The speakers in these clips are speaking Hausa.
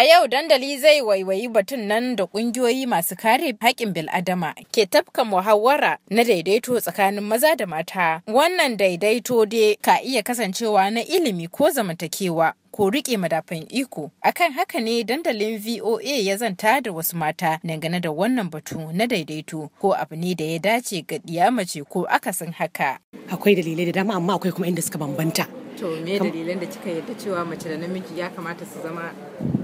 A yau dandali zai waiwayi batun nan da ƙungiyoyi masu kare haƙƙin bil'adama ke tafka muhawara na daidaito tsakanin maza da mata. Wannan daidaito dai ka iya kasancewa na ilimi ko zamantakewa. ko riƙe madafan iko akan haka ne dandalin voa ya zanta da wasu mata dangane da wannan batu na daidaito ko abu ne da ya dace ga ɗiya mace ko akasin haka akwai dalilai da dama amma akwai kuma inda suka bambanta to me dalilan da kika yarda cewa mace da namiji ya kamata su zama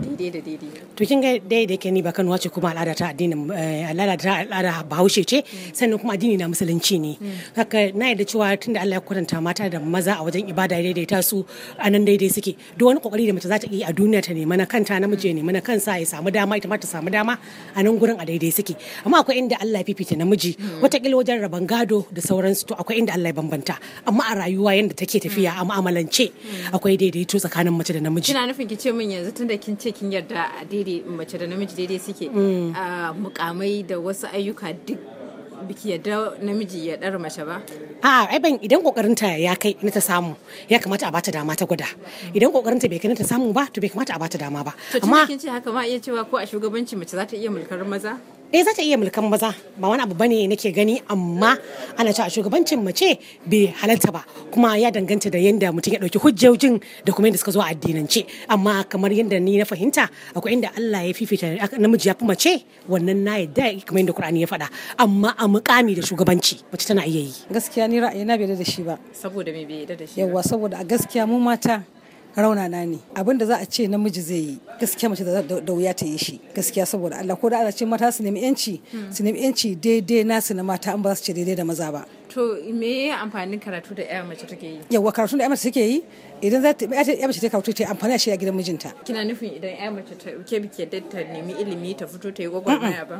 daidai da daidai to kin ga daidai ke ni ba kanuwa ce kuma al'ada ta addinin eh, al'ada ta al'ada bahaushe ce sannan kuma addini na musulunci ne haka na yarda cewa tunda Allah ya kwatanta mata da maza a wajen ibada daidaita su anan daidai suke duk wani kokari da mace za ta yi a duniya ta nema na kanta namiji ne na kansa ya samu dama ita ma ta samu dama a nan gurin a daidai suke amma akwai inda Allah ya fifita namiji kilo wajen raban gado da sauransu to akwai inda Allah ya bambanta amma a rayuwa yanda take tafiya a mu'amalan kasance akwai daidaito tsakanin mace da namiji kina nufin ki ce min yanzu tunda kin ce kin yarda daidai mace da namiji daidai suke mm. mukamai da wasu ayyuka duk biki yadda namiji ya dara mace ba? A ai ban idan kokarinta ya kai na ta samu ya kamata a bata dama ta gwada. Idan kokarinta bai kai na ta samu ba to bai kamata a bata dama ba. To amma kin ce haka ma iya cewa ko a shugabanci mace za ta iya mulkar maza? eh za ta iya mulkan maza ba wani abu bane nake gani amma ana cewa shugabancin mace bai halarta ba kuma ya danganta da yadda mutum ya dauki hujjojin da kuma yadda suka zo a addinance amma kamar yadda ni na fahimta akwai inda Allah ya fifita namiji ya fi mace wannan na yadda kamar yadda Qur'ani ya faɗa amma a mukami da shugabanci mace tana iya yi gaskiya ni ra'ayina bai da shi ba saboda me bai da shi yawa saboda a gaskiya mu mata raunana ne abin da za a ce namiji zai yi gaskiya mace da wuya ta yi shi gaskiya saboda Allah ko da ana ce mata su nemi yanci hmm. su nemi yanci daidai su na mata an ba su ce daidai da maza ba to me ya amfanin karatu da ƴa mace take yi yawa karatu da ƴa mace take yi idan za ta ƴa mace ta karatu ta amfani shi a gidan mijinta kina nufin idan ƴa mace ta ke bike da ta nemi ilimi ta fito ta yi gwagwarmaya ba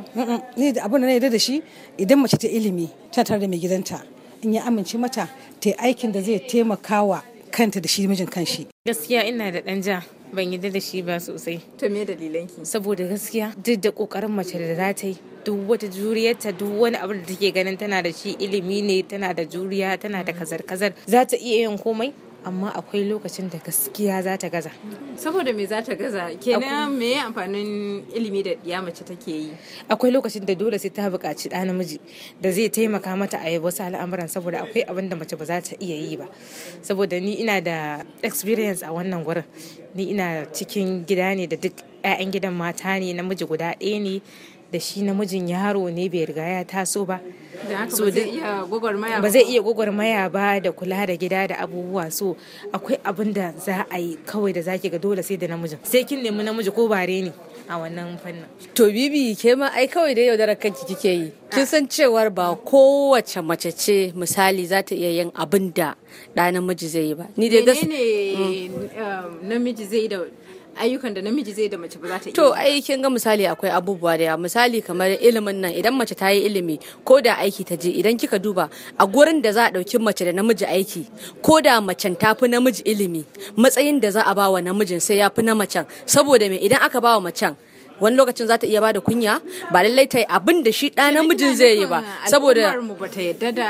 ni da abin da na yarda da shi idan mace ta ilimi ta tare da mai gidanta in ya amince mata ta yi aikin da zai taimakawa kanta da shi mijin kanshi gaskiya ina da ɗan ja ban yi da shi ba sosai to me dalilanki saboda gaskiya duk da kokarin mace da za ta yi duk wata juriyarta duk wani abin da take ganin tana da shi ilimi ne tana da juriya tana da kazar kazar za ta iya yin komai amma akwai lokacin da gaskiya za ta gaza saboda me za ta gaza kenan me amfanin ilimi da ya mace take yi akwai lokacin da dole sai ta buƙaci ɗa namiji da zai taimaka mata a wasu al'amuran saboda akwai abin da mace ba za ta iya yi ba saboda ni ina da experience a wannan gurin ni ina cikin gida ne da duk 'ya'yan gidan mata ne namiji guda ɗaya ne da shi namijin yaro ne bai riga ya taso ba so ba zai iya gwagwarmaya ba da kula da gida da abubuwa so akwai abin da za a yi kawai da zaki ga dole sai da namijin sai kin nemi namiji ko bare ne a wannan fannin to bibi ke ma ai kawai da yaudara kanki kike yi kin san cewar ba kowace mace ce misali za ta iya yin abin da ɗa namiji zai yi ba ni dai gas mm. eh, namiji zai da ayyukan da namiji zai da mace ba za ta iya to ai kin ga misali akwai abubuwa da misali kamar ilimin nan idan mace ta yi ilimi ko da aiki ta je idan kika duba a gurin da za a ɗauki mace da namiji aiki ko da macen ta fi namiji ilimi matsayin da za a ba wa namijin sai ya fi na macen saboda me idan aka ba wa macen wani lokacin za ta iya bada kunya ba lallai ta yi abin da shi ɗa namijin zai yi ba saboda mu ba ta yadda da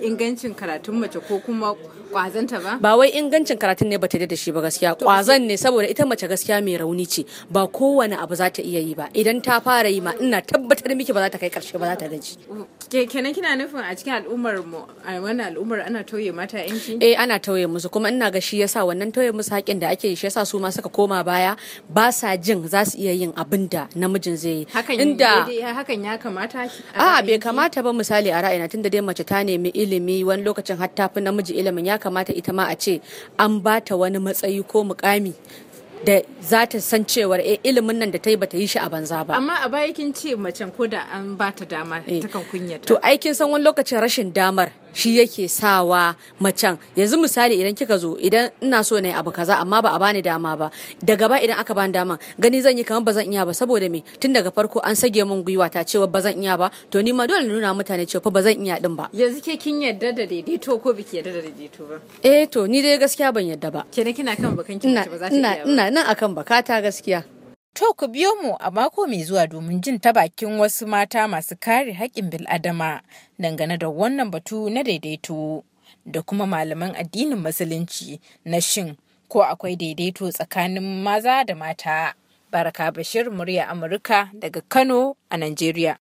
ingancin karatun mace ko kuma kwazanta ba ba wai ingancin karatun ne ta yadda da shi ba gaskiya kwazan ne saboda ita mace gaskiya mai rauni ce ba kowane abu za ta iya yi ba idan ta fara yi ma ina tabbatar miki ba za ta kai karshe ba za ta gaji kenan kina nufin a cikin al'ummar mu a wannan al'ummar ana tauye mata yanci eh ana tauye musu kuma ina ga shi yasa wannan tauye musu haƙin da ake shi yasa su ma suka koma baya ba sa jin za su iya yin abu abin da namijin zai yi inda hakan ya kamata a bai kamata ba misali a ra'ayina tunda dai mace ta nemi ilimi wani lokacin har tafi namiji ilimin ya kamata ita ma a ce an bata wani matsayi ko mukami da za ta san cewar e ilimin nan da ta yi bata yi shi a banza ba amma a baya kin ce macen ko da an ba ta dama eh. ta kan kunyata to aikin san wani lokacin rashin damar shi yake sawa macen yanzu misali idan kika zo idan ina so na abu kaza amma ba a bani dama ba da gaba idan aka bani dama gani zan yi kamar ba zan iya ba saboda me tun daga farko an sage min gwiwa ta cewa ba zan iya ba to ni ma dole nuna mutane cewa fa ba zan iya din ba yanzu ke kin yarda da daidaito ko biki yarda da daidaito ba eh to ni dai gaskiya ban yarda ba kenan kina kan bakan ki ba za ta iya ba ina ina nan akan bakata gaskiya To ku biyo mu a mako mai zuwa domin jin ta bakin wasu mata masu kare haƙƙin bil'adama dangane da wannan batu na daidaito da kuma malaman addinin musulunci na shin ko akwai daidaito tsakanin maza da mata. Baraka Bashir murya Amurka daga Kano a Najeriya.